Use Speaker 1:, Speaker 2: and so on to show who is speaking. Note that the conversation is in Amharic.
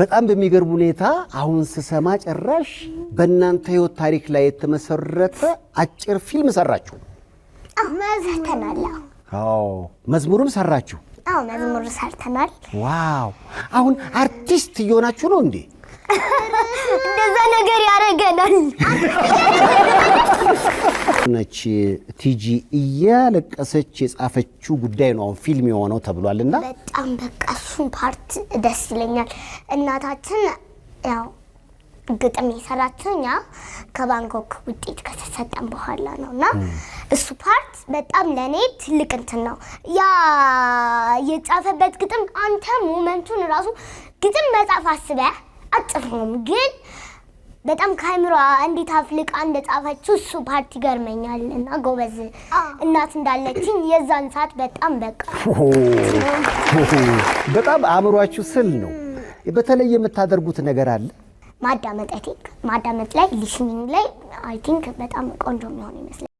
Speaker 1: በጣም በሚገርም ሁኔታ አሁን ስሰማ ጭራሽ በእናንተ ህይወት ታሪክ ላይ የተመሰረተ አጭር ፊልም ሰራችሁ?
Speaker 2: አዎ ሰርተናል። መዝሙርም ሰራችሁ? አዎ መዝሙር ሰርተናል።
Speaker 1: ዋው! አሁን አርቲስት እየሆናችሁ ነው እንዴ?
Speaker 2: እንደዛ ነገር ያደረገናል።
Speaker 1: ነች ቲጂ እያለቀሰች የጻፈችው ጉዳይ ነው አሁን ፊልም የሆነው እና
Speaker 2: በጣም በቃ እሱን ፓርት ደስ ይለኛል። እናታችን ያው ግጥም የሰራችው እኛ ከባንኮክ ውጤት ከተሰጠን በኋላ ነው እና እሱ ፓርት በጣም ለእኔ ትልቅ እንትን ነው። ያ የጻፈበት ግጥም አንተ ሞመንቱን ራሱ ግጥም መጻፍ አስበህ አጥፎም ግን በጣም ከአእምሯ እንዴት አፍልቃ እንደጻፈችው እሱ ፓርቲ ገርመኛል። እና ጎበዝ እናት እንዳለችኝ የዛን ሰዓት በጣም በቃ
Speaker 1: በጣም አእምሯችሁ ስል ነው። በተለይ የምታደርጉት ነገር አለ
Speaker 2: ማዳመጥ ማዳመጥ ላይ ሊስኒንግ ላይ አይ ቲንክ በጣም ቆንጆ የሚሆን ይመስላል።